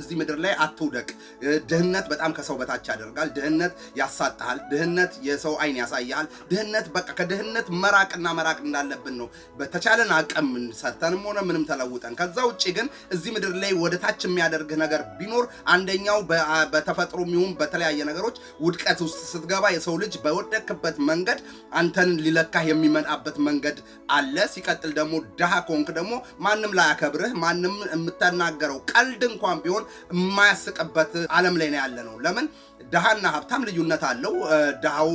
እዚህ ምድር ላይ አትውደቅ። ድህነት በጣም ከሰው በታች ያደርጋል። ድህነት ያሳጣሃል። ድህነት የሰው አይን ያሳያል። ድህነት በቃ ከድህነት መራቅና መራቅ እንዳለብን ነው በተቻለን አቅም ሰርተንም ሆነ ምንም ተለውጠን። ከዛ ውጭ ግን እዚህ ምድር ላይ ወደ ታች የሚያደርግህ ነገር ቢኖር አንደኛው በተፈጥሮ የሚሆን በተለያየ ነገሮች ውድቀት ውስጥ ስትገባ የሰው ልጅ በወደክበት መንገድ አንተን ሊለካህ የሚመጣበት መንገድ አለ። ሲቀጥል ደግሞ ድሃ ከሆንክ ደግሞ ማንም ላያከብርህ፣ ማንም የምተናገረው ቀልድ እንኳን ቢሆን የማያስቅበት ዓለም ላይ ነው ያለ ነው። ለምን ድሃና ሀብታም ልዩነት አለው። ድሃው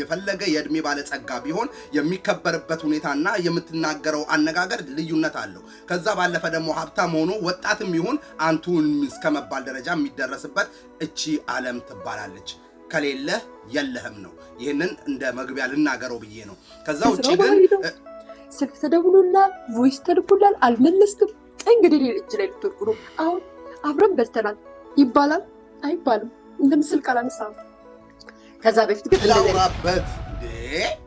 የፈለገ የእድሜ ባለጸጋ ቢሆን የሚከበርበት ሁኔታና የምትናገረው አነጋገር ልዩነት አለው። ከዛ ባለፈ ደግሞ ሀብታም ሆኖ ወጣትም ይሁን አንቱን እስከመባል ደረጃ የሚደረስበት እቺ ዓለም ትባላለች። ከሌለህ የለህም ነው። ይህንን እንደ መግቢያ ልናገረው ብዬ ነው። ከዛ ውጭ ግን ስልክ ተደውሎላል፣ ቮይስ ተደውሎላል፣ አልመለስክም። እንግዲህ እጅ ላይ ልትወርቁ ነው አሁን አብረን በልተናል ይባላል አይባልም? እንደ ምስል ቃል አነሳ። ከዛ በፊት ግን ላውራበት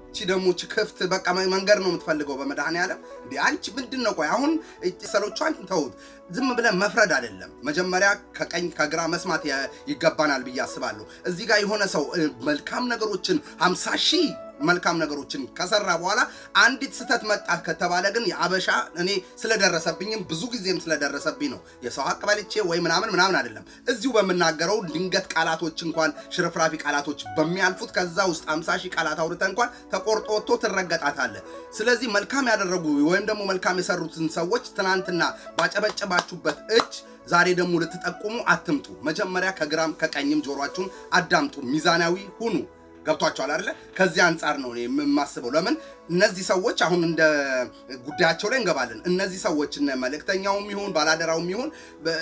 እቺ ደግሞ ክፍት በቃ መንገድ ነው የምትፈልገው። በመድኃኔዓለም እንደ አንቺ ምንድን ነው? ቆይ አሁን ሰሎቿን ተውት። ዝም ብለን መፍረድ አይደለም። መጀመሪያ ከቀኝ ከግራ መስማት ይገባናል ብዬ አስባለሁ። እዚህ ጋር የሆነ ሰው መልካም ነገሮችን ሀምሳ ሺህ መልካም ነገሮችን ከሰራ በኋላ አንዲት ስህተት መጣ ከተባለ ግን የአበሻ እኔ ስለደረሰብኝም ብዙ ጊዜም ስለደረሰብኝ ነው የሰው ሀቅ በልቼ ወይ ምናምን ምናምን አይደለም። እዚሁ በምናገረው ድንገት ቃላቶች እንኳን ሽርፍራፊ ቃላቶች በሚያልፉት ከዛ ውስጥ አምሳ ሺህ ቃላት አውርተ እንኳን ተቆርጦ ወጥቶ ስለዚህ መልካም ያደረጉ ወይም ደግሞ መልካም የሰሩትን ሰዎች ትናንትና ባጨበጨባችሁበት እጅ ዛሬ ደግሞ ልትጠቁሙ አትምጡ። መጀመሪያ ከግራም ከቀኝም ጆሯችሁን አዳምጡ። ሚዛናዊ ሁኑ። ገብቷቸዋል አይደለ? ከዚህ አንጻር ነው የማስበው። ለምን እነዚህ ሰዎች አሁን እንደ ጉዳያቸው ላይ እንገባለን። እነዚህ ሰዎች እነ መልእክተኛውም ይሁን ባላደራውም ይሁን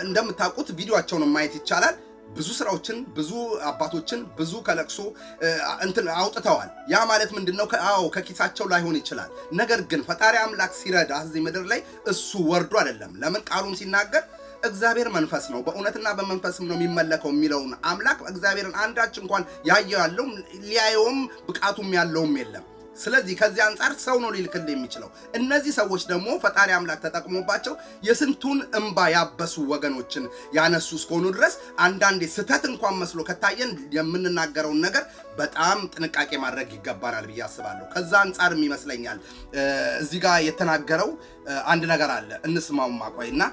እንደምታውቁት ቪዲዮቸውን ማየት ይቻላል። ብዙ ስራዎችን ብዙ አባቶችን ብዙ ከለቅሶ እንትን አውጥተዋል። ያ ማለት ምንድን ነው? አዎ ከኪሳቸው ላይሆን ይችላል። ነገር ግን ፈጣሪ አምላክ ሲረዳ እዚህ ምድር ላይ እሱ ወርዶ አይደለም። ለምን ቃሉም ሲናገር እግዚአብሔር መንፈስ ነው፣ በእውነትና በመንፈስም ነው የሚመለከው የሚለውን አምላክ እግዚአብሔርን አንዳች እንኳን ያየው ያለውም ሊያየውም ብቃቱም ያለውም የለም። ስለዚህ ከዚህ አንጻር ሰው ነው ሊልክል የሚችለው። እነዚህ ሰዎች ደግሞ ፈጣሪ አምላክ ተጠቅሞባቸው የስንቱን እንባ ያበሱ ወገኖችን ያነሱ እስከሆኑ ድረስ አንዳንዴ ስህተት እንኳን መስሎ ከታየን የምንናገረውን ነገር በጣም ጥንቃቄ ማድረግ ይገባናል ብዬ አስባለሁ። ከዛ አንጻርም ይመስለኛል እዚህ ጋር የተናገረው አንድ ነገር አለ። እንስማውማ ቆይና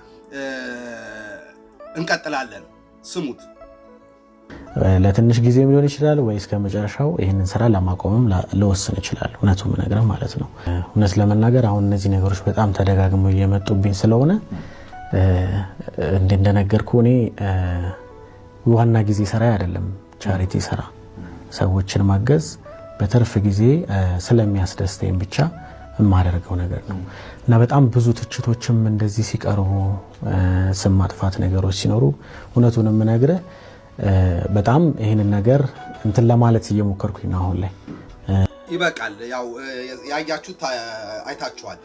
እንቀጥላለን። ስሙት። ለትንሽ ጊዜም ሊሆን ይችላል ወይ እስከ መጨረሻው ይህንን ስራ ለማቆምም ልወስን ይችላል። እውነቱ ምነግርህ ማለት ነው። እውነት ለመናገር አሁን እነዚህ ነገሮች በጣም ተደጋግሞ እየመጡብኝ ስለሆነ እንደነገርኩ እኔ ዋና ጊዜ ስራ አይደለም ቻሪቲ ስራ፣ ሰዎችን ማገዝ በትርፍ ጊዜ ስለሚያስደስተኝ ብቻ የማደርገው ነገር ነው እና በጣም ብዙ ትችቶችም እንደዚህ ሲቀርቡ ስም ማጥፋት ነገሮች ሲኖሩ እውነቱን የምነግረ በጣም ይህንን ነገር እንትን ለማለት እየሞከርኩኝ ነው አሁን ላይ ይበቃል። ያው ያያችሁት አይታችኋል።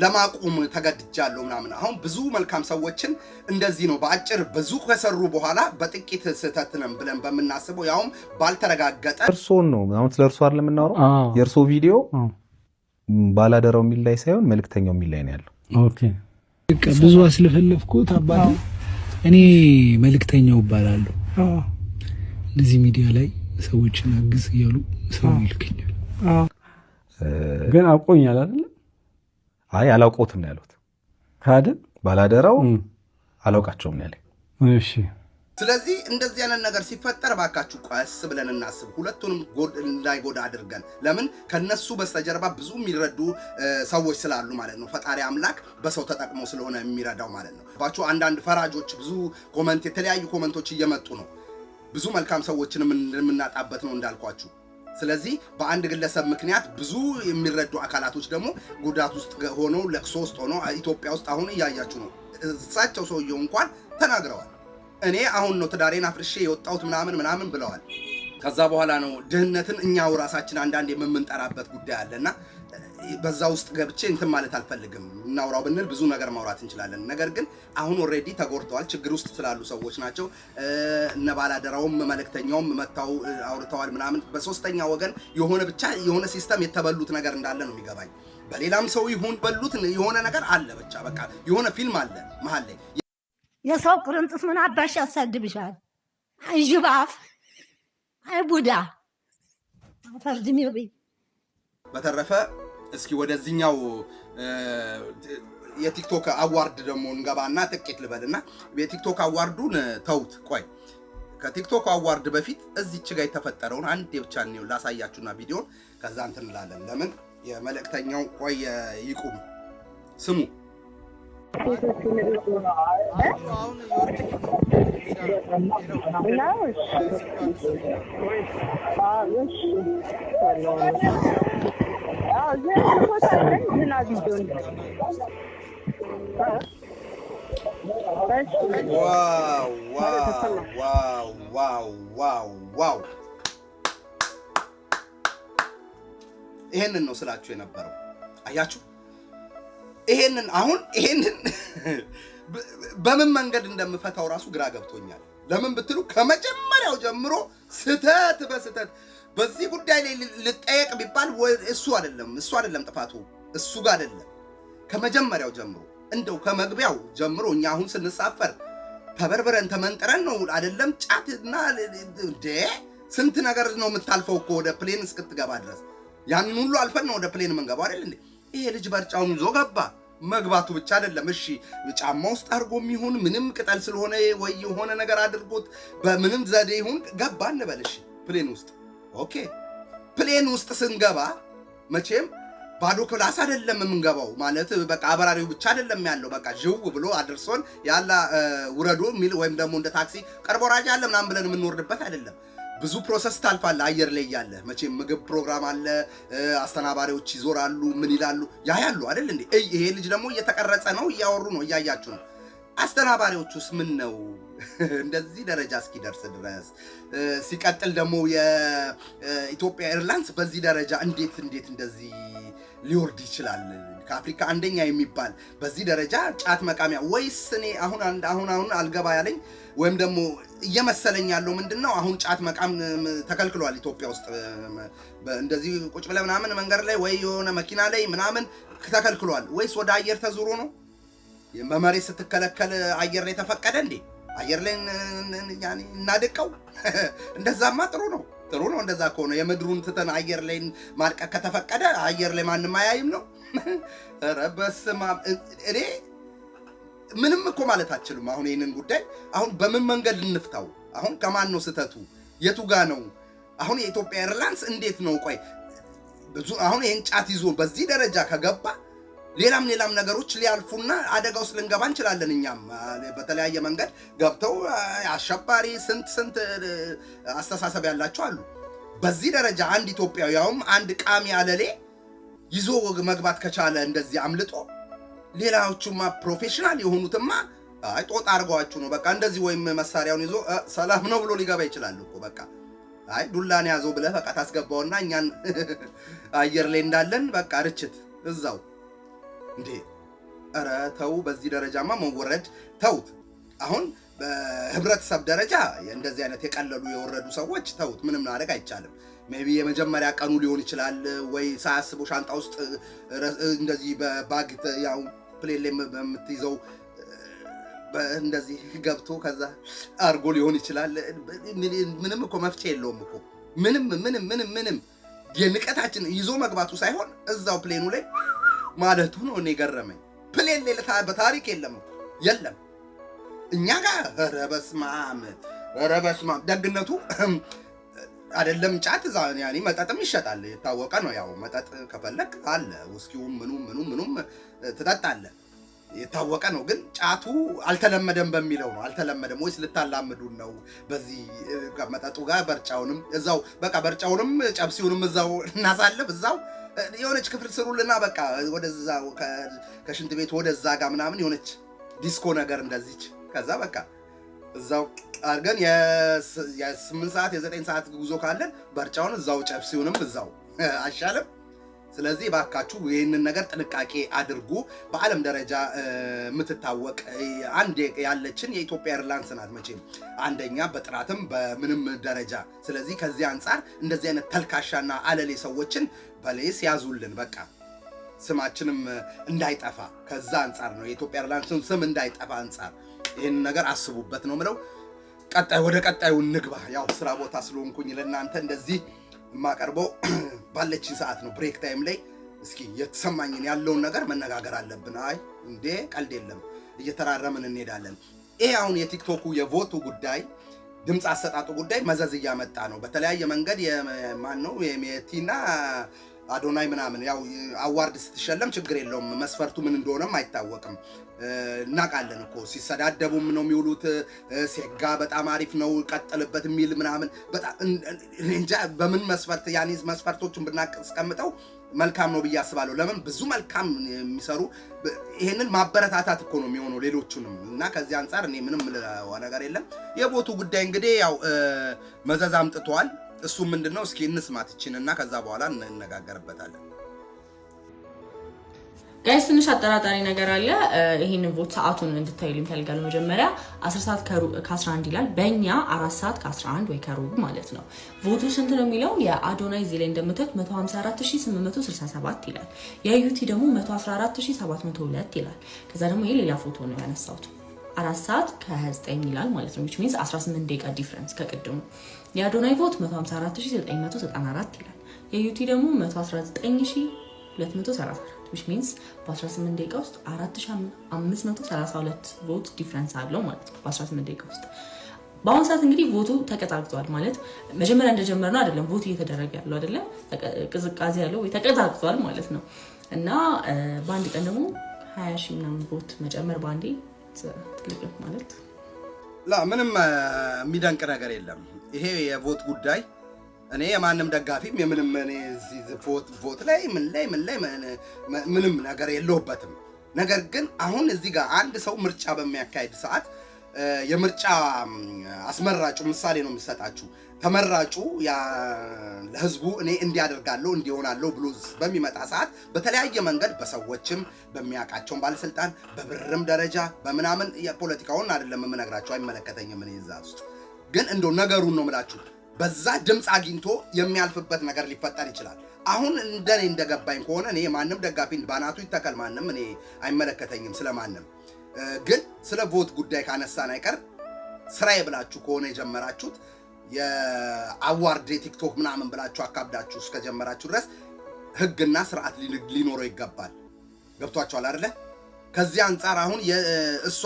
ለማቆም ተገድጃለሁ ምናምን። አሁን ብዙ መልካም ሰዎችን እንደዚህ ነው በአጭር ብዙ ከሰሩ በኋላ በጥቂት ስህተት ነን ብለን በምናስበው ያውም ባልተረጋገጠ እርሶን ነው አሁን ስለ እርሶ የምናወራው የእርሶ ቪዲዮ ባላደራው የሚል ላይ ሳይሆን መልክተኛው የሚል ላይ ነው ያለው። ብዙ አስለፈለፍኩት አባቴ። እኔ መልእክተኛው እባላለሁ። እዚህ ሚዲያ ላይ ሰዎችን አግዝ እያሉ ሰው ይልክኛል። ግን አውቆኛል አይደለ? አይ አላውቀውትም ነው ያሉት። ካደ ባላደራው አላውቃቸውም ነው እሺ ስለዚህ እንደዚህ አይነት ነገር ሲፈጠር ባካችሁ ቀስ ብለን እናስብ። ሁለቱንም እንዳይጎዳ አድርገን ለምን ከነሱ በስተጀርባ ብዙ የሚረዱ ሰዎች ስላሉ ማለት ነው። ፈጣሪ አምላክ በሰው ተጠቅሞ ስለሆነ የሚረዳው ማለት ነው። ባችሁ አንዳንድ ፈራጆች ብዙ ኮመንት፣ የተለያዩ ኮመንቶች እየመጡ ነው። ብዙ መልካም ሰዎችንም የምናጣበት ነው እንዳልኳችሁ። ስለዚህ በአንድ ግለሰብ ምክንያት ብዙ የሚረዱ አካላቶች ደግሞ ጉዳት ውስጥ ሆነው ለቅሶ ውስጥ ሆነው ኢትዮጵያ ውስጥ አሁን እያያችሁ ነው። እሳቸው ሰውየው እንኳን ተናግረዋል። እኔ አሁን ነው ትዳሬን አፍርሼ የወጣሁት ምናምን ምናምን ብለዋል። ከዛ በኋላ ነው ድህነትን እኛው ራሳችን አንዳንድ የምንጠራበት ጉዳይ አለና በዛ ውስጥ ገብቼ እንትን ማለት አልፈልግም። እናውራው ብንል ብዙ ነገር ማውራት እንችላለን። ነገር ግን አሁን ኦልሬዲ ተጎድተዋል፣ ችግር ውስጥ ስላሉ ሰዎች ናቸው። እነ ባላደራውም መልእክተኛውም መታው አውርተዋል ምናምን። በሶስተኛ ወገን የሆነ ብቻ የሆነ ሲስተም የተበሉት ነገር እንዳለ ነው የሚገባኝ። በሌላም ሰው ይሁን በሉት የሆነ ነገር አለ። ብቻ በቃ የሆነ ፊልም አለ መሀል ላይ የሰው ቅርንጥስ ምን አባሽ ያሳድብሻል? አይ ዥባፍ፣ አይ ቡዳ ፈርድሚ። በተረፈ እስኪ ወደዚህኛው የቲክቶክ አዋርድ ደግሞ እንገባና ጥቂት ልበልና የቲክቶክ አዋርዱን ተውት። ቆይ ከቲክቶክ አዋርድ በፊት እዚች ጋር የተፈጠረውን አንድ ብቻ ነው ላሳያችሁና ቪዲዮን ከዛ እንትን እንላለን። ለምን የመልእክተኛው ቆየ ይቁም ስሙ ሴቶቹን ዋው ይሄንን ነው ስላችሁ የነበረው አያችሁ። ይሄንን አሁን ይሄንን በምን መንገድ እንደምፈታው ራሱ ግራ ገብቶኛል። ለምን ብትሉ ከመጀመሪያው ጀምሮ ስህተት በስህተት በዚህ ጉዳይ ላይ ልጠየቅ ቢባል እሱ አይደለም እሱ አይደለም ጥፋቱ እሱ ጋር አይደለም። ከመጀመሪያው ጀምሮ እንደው ከመግቢያው ጀምሮ እኛ አሁን ስንሳፈር ተበርብረን ተመንጥረን ነው አይደለም። ጫትና እንደ ስንት ነገር ነው የምታልፈው እኮ ወደ ፕሌን እስክትገባ ድረስ ያንን ሁሉ አልፈን ነው ወደ ፕሌን የምንገባው አይደል እንዴ? ይሄ ልጅ በርጫውን ይዞ ገባ። መግባቱ ብቻ አይደለም። እሺ ጫማ ውስጥ አድርጎ የሚሆን ምንም ቅጠል ስለሆነ ወይ የሆነ ነገር አድርጎት በምንም ዘዴ ይሁን ገባ እንበል። እሺ ፕሌን ውስጥ ኦኬ። ፕሌን ውስጥ ስንገባ መቼም ባዶ ክላስ አይደለም የምንገባው። ማለት በቃ አበራሪው ብቻ አይደለም ያለው። በቃ ዥው ብሎ አድርሶን ያላ ውረዶ የሚል ወይም ደግሞ እንደ ታክሲ ቀርቦ ራጅ አለ ምናምን ብለን የምንወርድበት አይደለም። ብዙ ፕሮሰስ ታልፋለ። አየር ላይ ያለ መቼም ምግብ ፕሮግራም አለ፣ አስተናባሪዎች ይዞራሉ፣ ምን ይላሉ ያያሉ አይደል እንዴ? ይሄ ልጅ ደግሞ እየተቀረጸ ነው፣ እያወሩ ነው፣ እያያችሁ ነው። አስተናባሪዎች ውስጥ ምን ነው እንደዚህ ደረጃ እስኪደርስ ድረስ ሲቀጥል ደግሞ የኢትዮጵያ ኤርላይንስ በዚህ ደረጃ እንዴት እንዴት እንደዚህ ሊወርድ ይችላል? ከአፍሪካ አንደኛ የሚባል በዚህ ደረጃ ጫት መቃሚያ ወይስ እኔ አሁን አሁን አሁን አልገባ ያለኝ ወይም ደግሞ እየመሰለኝ ያለው ምንድን ነው አሁን ጫት መቃም ተከልክሏል ኢትዮጵያ ውስጥ እንደዚህ ቁጭ ብለህ ምናምን መንገድ ላይ ወይ የሆነ መኪና ላይ ምናምን ተከልክሏል ወይስ ወደ አየር ተዙሮ ነው በመሬት ስትከለከል አየር ላይ ተፈቀደ እንዴ አየር ላይ እናድቀው እንደዛማ ጥሩ ነው ጥሩ ነው እንደዛ ከሆነ የምድሩን ትተን አየር ላይ ማድቀቅ ከተፈቀደ አየር ላይ ማንም አያይም ነው ኧረ በስመ አብ እኔ ምንም እኮ ማለት አችልም። አሁን ይህንን ጉዳይ አሁን በምን መንገድ ልንፍታው? አሁን ከማን ነው ስህተቱ? የቱ ጋ ነው? አሁን የኢትዮጵያ ኤርላይንስ እንዴት ነው? ቆይ ብዙ አሁን ይህን ጫት ይዞ በዚህ ደረጃ ከገባ ሌላም ሌላም ነገሮች ሊያልፉና አደጋ ውስጥ ልንገባ እንችላለን። እኛም በተለያየ መንገድ ገብተው አሸባሪ ስንት ስንት አስተሳሰብ ያላቸው አሉ። በዚህ ደረጃ አንድ ኢትዮጵያዊ ያውም አንድ ቃሚ አለሌ ይዞ መግባት ከቻለ እንደዚህ አምልጦ ሌላዎቹማ ፕሮፌሽናል የሆኑትማ አይ ጦጣ አድርገዋችሁ ነው በቃ እንደዚህ ወይም መሳሪያውን ይዞ ሰላም ነው ብሎ ሊገባ ይችላል እኮ በቃ አይ ዱላን ያዘው ብለህ በቃ ታስገባውና እኛን አየር ላይ እንዳለን በቃ ርችት እዛው እንዴ ኧረ ተው በዚህ ደረጃማ መወረድ ተውት አሁን በህብረተሰብ ደረጃ እንደዚህ አይነት የቀለሉ የወረዱ ሰዎች ተውት ምንም ማድረግ አይቻልም ሜቢ የመጀመሪያ ቀኑ ሊሆን ይችላል ወይ ሳያስበው ሻንጣ ውስጥ እንደዚህ በባግ ያው አውሮፕሌን ላይ በምትይዘው እንደዚህ ገብቶ ከዛ አርጎ ሊሆን ይችላል። ምንም እኮ መፍትሄ የለውም እኮ ምንም ምንም ምንም ምንም የንቀታችን ይዞ መግባቱ ሳይሆን እዛው ፕሌኑ ላይ ማለቱ ነው። እኔ ገረመኝ። ፕሌን ላይ በታሪክ የለም የለም እኛ ጋር ኧረ በስመ ደግነቱ አይደለም ጫት ያኔ መጠጥም ይሸጣል፣ የታወቀ ነው። ያው መጠጥ ከፈለክ አለ ውስኪውም ምኑም ምኑም ምኑም ትጠጣለህ፣ የታወቀ ነው። ግን ጫቱ አልተለመደም በሚለው ነው። አልተለመደም ወይስ ልታላምዱን ነው? በዚህ መጠጡ ጋር በርጫውንም እዛው በቃ በርጫውንም ጨብሲውንም እዛው እናሳልፍ፣ እዛው የሆነች ክፍል ስሩልና በቃ ወደዛ ከሽንት ቤት ወደዛ ጋር ምናምን የሆነች ዲስኮ ነገር እንደዚች ከዛ በቃ እዛው አድርገን የስምንት ሰዓት የዘጠኝ ሰዓት ጉዞ ካለን በርጫውን እዛው ሲሆንም እዛው አይሻልም። ስለዚህ ባካችሁ ይህንን ነገር ጥንቃቄ አድርጉ። በዓለም ደረጃ የምትታወቅ አንድ ያለችን የኢትዮጵያ ኤርላይንስ ናት መቼም አንደኛ በጥራትም በምንም ደረጃ። ስለዚህ ከዚህ አንጻር እንደዚህ አይነት ተልካሻና አለሌ ሰዎችን በሌስ ያዙልን በቃ ስማችንም እንዳይጠፋ ከዛ አንጻር ነው የኢትዮጵያ ኤርላይንስን ስም እንዳይጠፋ አንጻር ይህን ነገር አስቡበት ነው ምለው። ቀጣይ ወደ ቀጣዩ ንግባ። ያው ስራ ቦታ ስለሆንኩኝ ለእናንተ እንደዚህ የማቀርበው ባለችን ሰዓት ነው። ብሬክ ታይም ላይ እስኪ የተሰማኝን ያለውን ነገር መነጋገር አለብን። አይ እንዴ ቀልድ የለም፣ እየተራረምን እንሄዳለን። ይሄ አሁን የቲክቶኩ የቮቱ ጉዳይ ድምፅ አሰጣጡ ጉዳይ መዘዝ እያመጣ ነው። በተለያየ መንገድ ማን ነው የሜቲና አዶናይ ምናምን ያው አዋርድ ስትሸለም ችግር የለውም። መስፈርቱ ምን እንደሆነም አይታወቅም። እናውቃለን እኮ ሲሰዳደቡም ነው የሚውሉት። ሴጋ በጣም አሪፍ ነው ቀጥልበት የሚል ምናምን እንጃ በምን መስፈርት ያኔ መስፈርቶችን ብናስቀምጠው መልካም ነው ብዬ አስባለሁ። ለምን ብዙ መልካም የሚሰሩ ይሄንን ማበረታታት እኮ ነው የሚሆነው ሌሎቹንም እና ከዚህ አንጻር እኔ ምንም ነገር የለም። የቦቱ ጉዳይ እንግዲህ ያው መዘዝ አምጥተዋል። እሱ ምንድን ነው? እስኪ እንስማት ይችን እና ከዛ በኋላ እንነጋገርበታለን። ጋይስ ትንሽ አጠራጣሪ ነገር አለ። ይህን ቦት ሰዓቱን እንድታዩልኝ እፈልጋለሁ። መጀመሪያ 10 ሰዓት ከ11 ይላል፣ በእኛ 4 ሰዓት ከ11 ወይ ከሩብ ማለት ነው። ቦቱ ስንት ነው የሚለው የአዶናይ እዚህ ላይ እንደምታዩት 154867 ይላል፣ የዩቲ ደግሞ 114702 ይላል። ከዛ ደግሞ ይሄ ሌላ ፎቶ ነው ያነሳሁት። አራት ሰዓት ከ29 ይላል ማለት ነው። ዊች ሚንስ 18 ደቂቃ ዲፍረንስ ከቅድሙ። የአዶናይ ቮት 114994 ይላል። የዩቲ ደግሞ 119244 ዊች ሚንስ በ18 ደቂቃ ውስጥ 4532 ቮት ዲፍረንስ አለው ማለት ነው በ18 ደቂቃ ውስጥ። በአሁኑ ሰዓት እንግዲህ ቮቱ ተቀዛቅዟል ማለት መጀመሪያ እንደጀመረ ነው አይደለም፣ ቮት እየተደረገ ያለው አይደለም፣ ቅዝቃዜ ያለው ወይ ተቀጣቅጧል ማለት ነው። እና በአንድ ቀን ደግሞ 20 ሺህ ምናምን ቮት መጨመር በአንዴ ትልቅ ማለት ምንም የሚደንቅ ነገር የለም። ይሄ የቮት ጉዳይ እኔ የማንም ደጋፊም የምንም ቮት ላይ ምን ላይ ምን ላይ ምንም ነገር የለውበትም። ነገር ግን አሁን እዚህ ጋር አንድ ሰው ምርጫ በሚያካሄድ ሰዓት የምርጫ አስመራጩ ምሳሌ ነው የምሰጣችሁ። ተመራጩ ለህዝቡ እኔ እንዲያደርጋለሁ እንዲሆናለሁ ብሎ በሚመጣ ሰዓት በተለያየ መንገድ በሰዎችም በሚያውቃቸውን ባለስልጣን በብርም ደረጃ በምናምን የፖለቲካውን አይደለም የምነግራቸው አይመለከተኝም። እኔ እዛ ውስጥ ግን እንደ ነገሩን ነው ምላችሁ። በዛ ድምፅ አግኝቶ የሚያልፍበት ነገር ሊፈጠር ይችላል። አሁን እንደኔ እንደገባኝ ከሆነ እኔ ማንም ደጋፊ ባናቱ ይተከል ማንም እኔ አይመለከተኝም ስለማንም። ግን ስለ ቮት ጉዳይ ካነሳን አይቀር ስራዬ ብላችሁ ከሆነ የጀመራችሁት የአዋርድ የቲክቶክ ምናምን ብላችሁ አካብዳችሁ እስከጀመራችሁ ድረስ ህግና ስርዓት ሊኖረው ይገባል። ገብቷችኋል አይደለ? ከዚህ አንጻር አሁን እሷ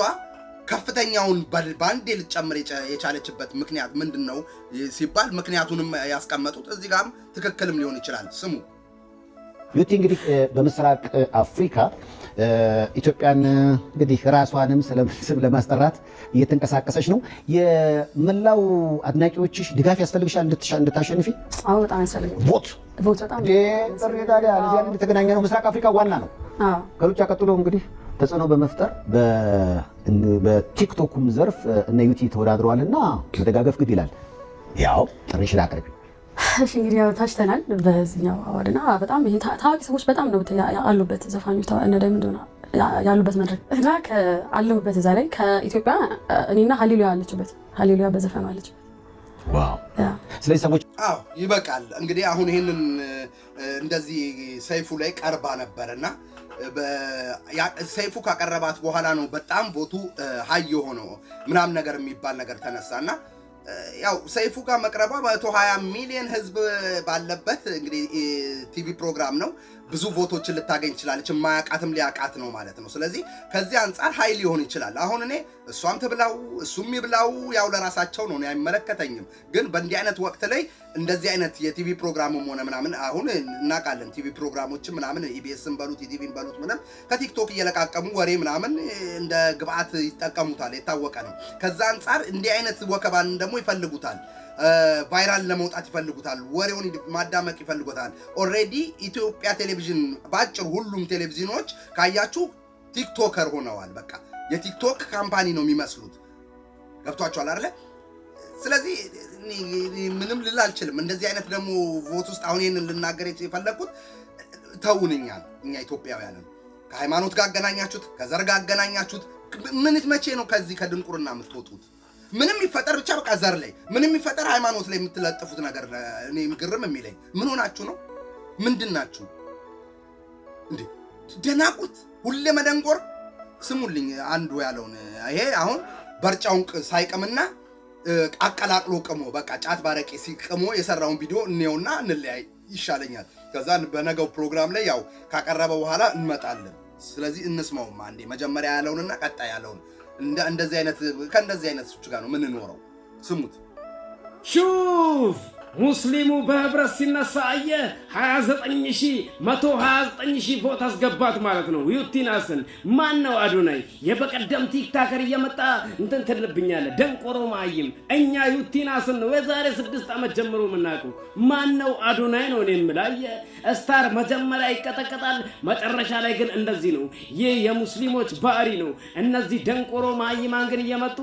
ከፍተኛውን በአንዴ ልጨምር የቻለችበት ምክንያት ምንድን ነው ሲባል ምክንያቱንም ያስቀመጡት እዚህ ጋርም ትክክልም ሊሆን ይችላል ስሙ ዩቲ እንግዲህ በምስራቅ አፍሪካ ኢትዮጵያን እንግዲህ ራሷንም ስም ለማስጠራት እየተንቀሳቀሰች ነው። የመላው አድናቂዎችሽ ድጋፍ ያስፈልግሻል እንድታሸንፊ? አዎ ነው። ምስራቅ አፍሪካ ዋና ነው። ከሩጫ ቀጥሎ እንግዲህ ተጽዕኖ በመፍጠር በቲክቶኩም ዘርፍ እነ ዩቲ ተወዳድረዋል እና መደጋገፍ ግድ ይላል። ያው ጥሪሽን አቅርቢ። እንግዲህ ያው ታጭተናል በዚህኛው አዋርድና በጣም ታዋቂ ሰዎች በጣም ነው ያሉበት ዘፋኞች እነ ዳይመንድ ያሉበት መድረክ እና አለሁበት እዛ ላይ ከኢትዮጵያ እኔና ሀሌሉያ አለችበት ሀሌሉያ በዘፈኑ አለችበት። ስለዚህ ሰዎች ይበቃል እንግዲህ አሁን ይህንን እንደዚህ ሰይፉ ላይ ቀርባ ነበር እና ሰይፉ ካቀረባት በኋላ ነው በጣም ቦቱ ሀይ የሆነው ምናምን ነገር የሚባል ነገር ተነሳ እና ያው ሰይፉ ጋር መቅረቧ መቶ ሀያ ሚሊዮን ህዝብ ባለበት እንግዲህ ቲቪ ፕሮግራም ነው። ብዙ ቮቶችን ልታገኝ ትችላለች። የማያውቃትም ሊያቃት ነው ማለት ነው። ስለዚህ ከዚህ አንጻር ሀይል ሊሆን ይችላል። አሁን እኔ እሷም ትብላው እሱም ይብላው ያው ለራሳቸው ነው፣ አይመለከተኝም። ግን በእንዲህ አይነት ወቅት ላይ እንደዚህ አይነት የቲቪ ፕሮግራምም ሆነ ምናምን አሁን እናውቃለን። ቲቪ ፕሮግራሞችም ምናምን ኢቢኤስን በሉት ኢቲቪን በሉት ምንም ከቲክቶክ እየለቃቀሙ ወሬ ምናምን እንደ ግብአት ይጠቀሙታል፣ የታወቀ ነው። ከዛ አንጻር እንዲህ አይነት ወከባን ደግሞ ይፈልጉታል። ቫይራል ለመውጣት ይፈልጉታል። ወሬውን ማዳመቅ ይፈልጉታል። ኦልሬዲ ኢትዮጵያ ቴሌቪዥን በአጭር ሁሉም ቴሌቪዥኖች ካያችሁ ቲክቶከር ሆነዋል። በቃ የቲክቶክ ካምፓኒ ነው የሚመስሉት። ገብቷችኋል አይደለ? ስለዚህ ምንም ልል አልችልም። እንደዚህ አይነት ደግሞ ቮት ውስጥ አሁን ይህንን ልናገር የፈለግኩት ተውንኛል። እኛ ኢትዮጵያውያንን ከሃይማኖት ጋር አገናኛችሁት፣ ከዘር ጋር አገናኛችሁት። ምን መቼ ነው ከዚህ ከድንቁርና የምትወጡት? ምንም ይፈጠር ብቻ በቃ ዘር ላይ ምንም ይፈጠር ሃይማኖት ላይ የምትለጥፉት ነገር እኔ ግርም የሚለኝ ምን ሆናችሁ ነው? ምንድን ናችሁ እንዴ? ደናቁት ሁሌ መደንቆር። ስሙልኝ አንዱ ያለውን ይሄ አሁን በርጫውን ሳይቅምና አቀላቅሎ ቅሞ በቃ ጫት ባረቄ ሲቅሞ የሰራውን ቪዲዮ እንየውና እንለያይ ይሻለኛል። ከዛ በነገው ፕሮግራም ላይ ያው ካቀረበ በኋላ እንመጣለን። ስለዚህ እንስማውም አንዴ መጀመሪያ ያለውንና ቀጣይ ያለውን እንደዚህ አይነት ከእንደዚህ አይነት ጋር ነው የምንኖረው። ስሙት ሹፍ ሙስሊሙ በህብረት ሲነሳ አየ 29 ሺህ ፎት አስገባት ማለት ነው። ዩቲናስን ማን ነው አዶናይ? የበቀደም ቲክታከር እየመጣ እንትን ትልብኛለ ደንቆሮ ማይም እኛ ዩቲናስን ነው የዛሬ ስድስት ዓመት ጀምሮ የምናውቀው። ማን ነው አዶናይ ነው እኔ የምላየ ስታር መጀመሪያ ይቀጠቀጣል፣ መጨረሻ ላይ ግን እንደዚህ ነው። ይህ የሙስሊሞች ባህሪ ነው። እነዚህ ደንቆሮ ማይማን ግን እየመጡ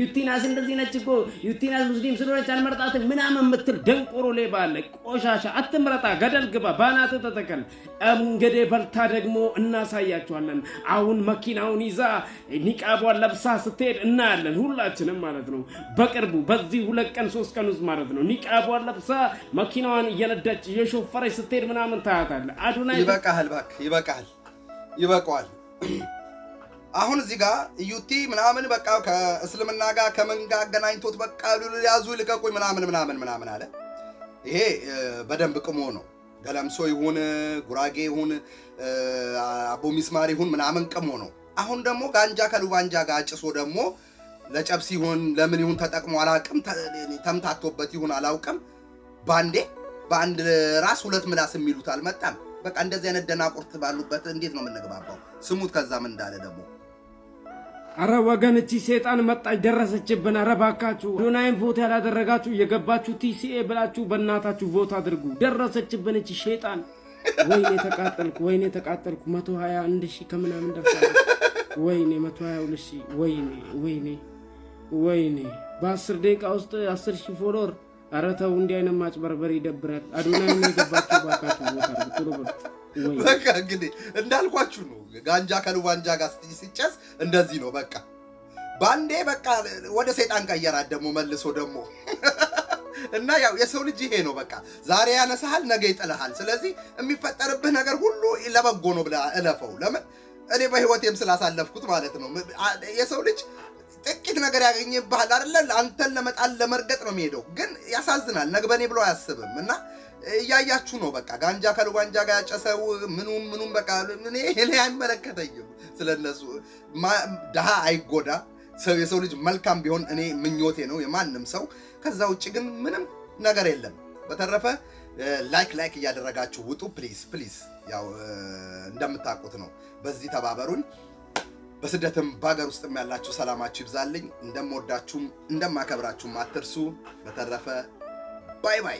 ዩቲናስ እንደዚህ ነች እኮ ዩቲናስ ሙስሊም ስለሆነች አልመርጣትም ምናምን ምናምን የምትል ደንቆሮ ሌባ አለ። ቆሻሻ አትምረጣ፣ ገደል ግባ፣ ባናት ተተከል። እንግዲህ በልታ ደግሞ እናሳያቸዋለን። አሁን መኪናውን ይዛ ኒቃቧን ለብሳ ስትሄድ እናያለን፣ ሁላችንም ማለት ነው። በቅርቡ በዚህ ሁለት ቀን ሶስት ቀን ውስጥ ማለት ነው። ኒቃቧን ለብሳ መኪናዋን እየነዳች እየሾፈረች ስትሄድ ምናምን ታያታለ። አዱና ይበቃል፣ ይበቃል፣ ይበቃዋል። አሁን እዚህ ጋር ዩቲ ምናምን በቃ ከእስልምና ጋር ከምን ጋር አገናኝቶት በቃ ያዙ ልቀቁኝ ምናምን ምናምን ምናምን አለ። ይሄ በደንብ ቅሞ ነው። ገለምሶ ይሁን ጉራጌ ይሁን አቦ ሚስማር ይሁን ምናምን ቅሞ ነው። አሁን ደግሞ ጋንጃ ከሉባንጃ ጋር ጭሶ ደግሞ ለጨብስ ይሁን ለምን ይሁን ተጠቅሞ አላውቅም፣ ተምታቶበት ይሁን አላውቅም። ባንዴ በአንድ ራስ ሁለት ምላስ የሚሉት አልመጣም። በቃ እንደዚህ አይነት ደናቁርት ባሉበት እንዴት ነው የምንግባባው? ስሙት ከዛም እንዳለ ደግሞ አረ ወገን እቺ ሴጣን መጣች ደረሰችብን። አረ ባካችሁ ዶናይን ቮት ያላደረጋችሁ የገባችሁ ቲሲኤ ብላችሁ በእናታችሁ ቮት አድርጉ። ደረሰችብን እቺ ሴጣን። ወይኔ ተቃጠልኩ፣ ወይኔ ተቃጠልኩ። መቶ ሀያ አንድ ሺ ከምናምን ወይኔ መቶ ሀያ ሁለት ሺ ወይኔ ወይኔ ወይኔ በአስር ደቂቃ ውስጥ አስር ሺ ፎሎወር። አረ ተው እንዲህ አይነት ማጭበርበር ይደብራል። የገባችሁ ባካችሁ ቮት አድርጉ በቃ እንግዲህ እንዳልኳችሁ ነው። ጋንጃ ከልዋንጃ ጋር ሲጨስ እንደዚህ ነው። በቃ በአንዴ በቃ ወደ ሰይጣን ቀየራት ደግሞ መልሶ ደግሞ እና ያው የሰው ልጅ ይሄ ነው። በቃ ዛሬ ያነሳሃል፣ ነገ ይጥልሃል። ስለዚህ የሚፈጠርብህ ነገር ሁሉ ለበጎ ነው ብለህ እለፈው። ለምን እኔ በህይወቴም ስላሳለፍኩት ማለት ነው። የሰው ልጅ ጥቂት ነገር ያገኝብሃል አይደለ? አንተን ለመጣል ለመርገጥ ነው የሚሄደው። ግን ያሳዝናል። ነግበኔ ብሎ አያስብም እና እያያችሁ ነው። በቃ ጋንጃ ከልጓንጃ ጋር ያጨሰው ምኑም ምኑም በቃ እኔ አይመለከተኝም። ስለነሱ ድሃ አይጎዳ፣ የሰው ልጅ መልካም ቢሆን እኔ ምኞቴ ነው የማንም ሰው። ከዛ ውጭ ግን ምንም ነገር የለም። በተረፈ ላይክ ላይክ እያደረጋችሁ ውጡ ፕሊዝ ፕሊዝ። ያው እንደምታውቁት ነው። በዚህ ተባበሩኝ። በስደትም በሀገር ውስጥም ያላችሁ ሰላማችሁ ይብዛልኝ። እንደምወዳችሁም እንደማከብራችሁም አትርሱ። በተረፈ ባይ ባይ።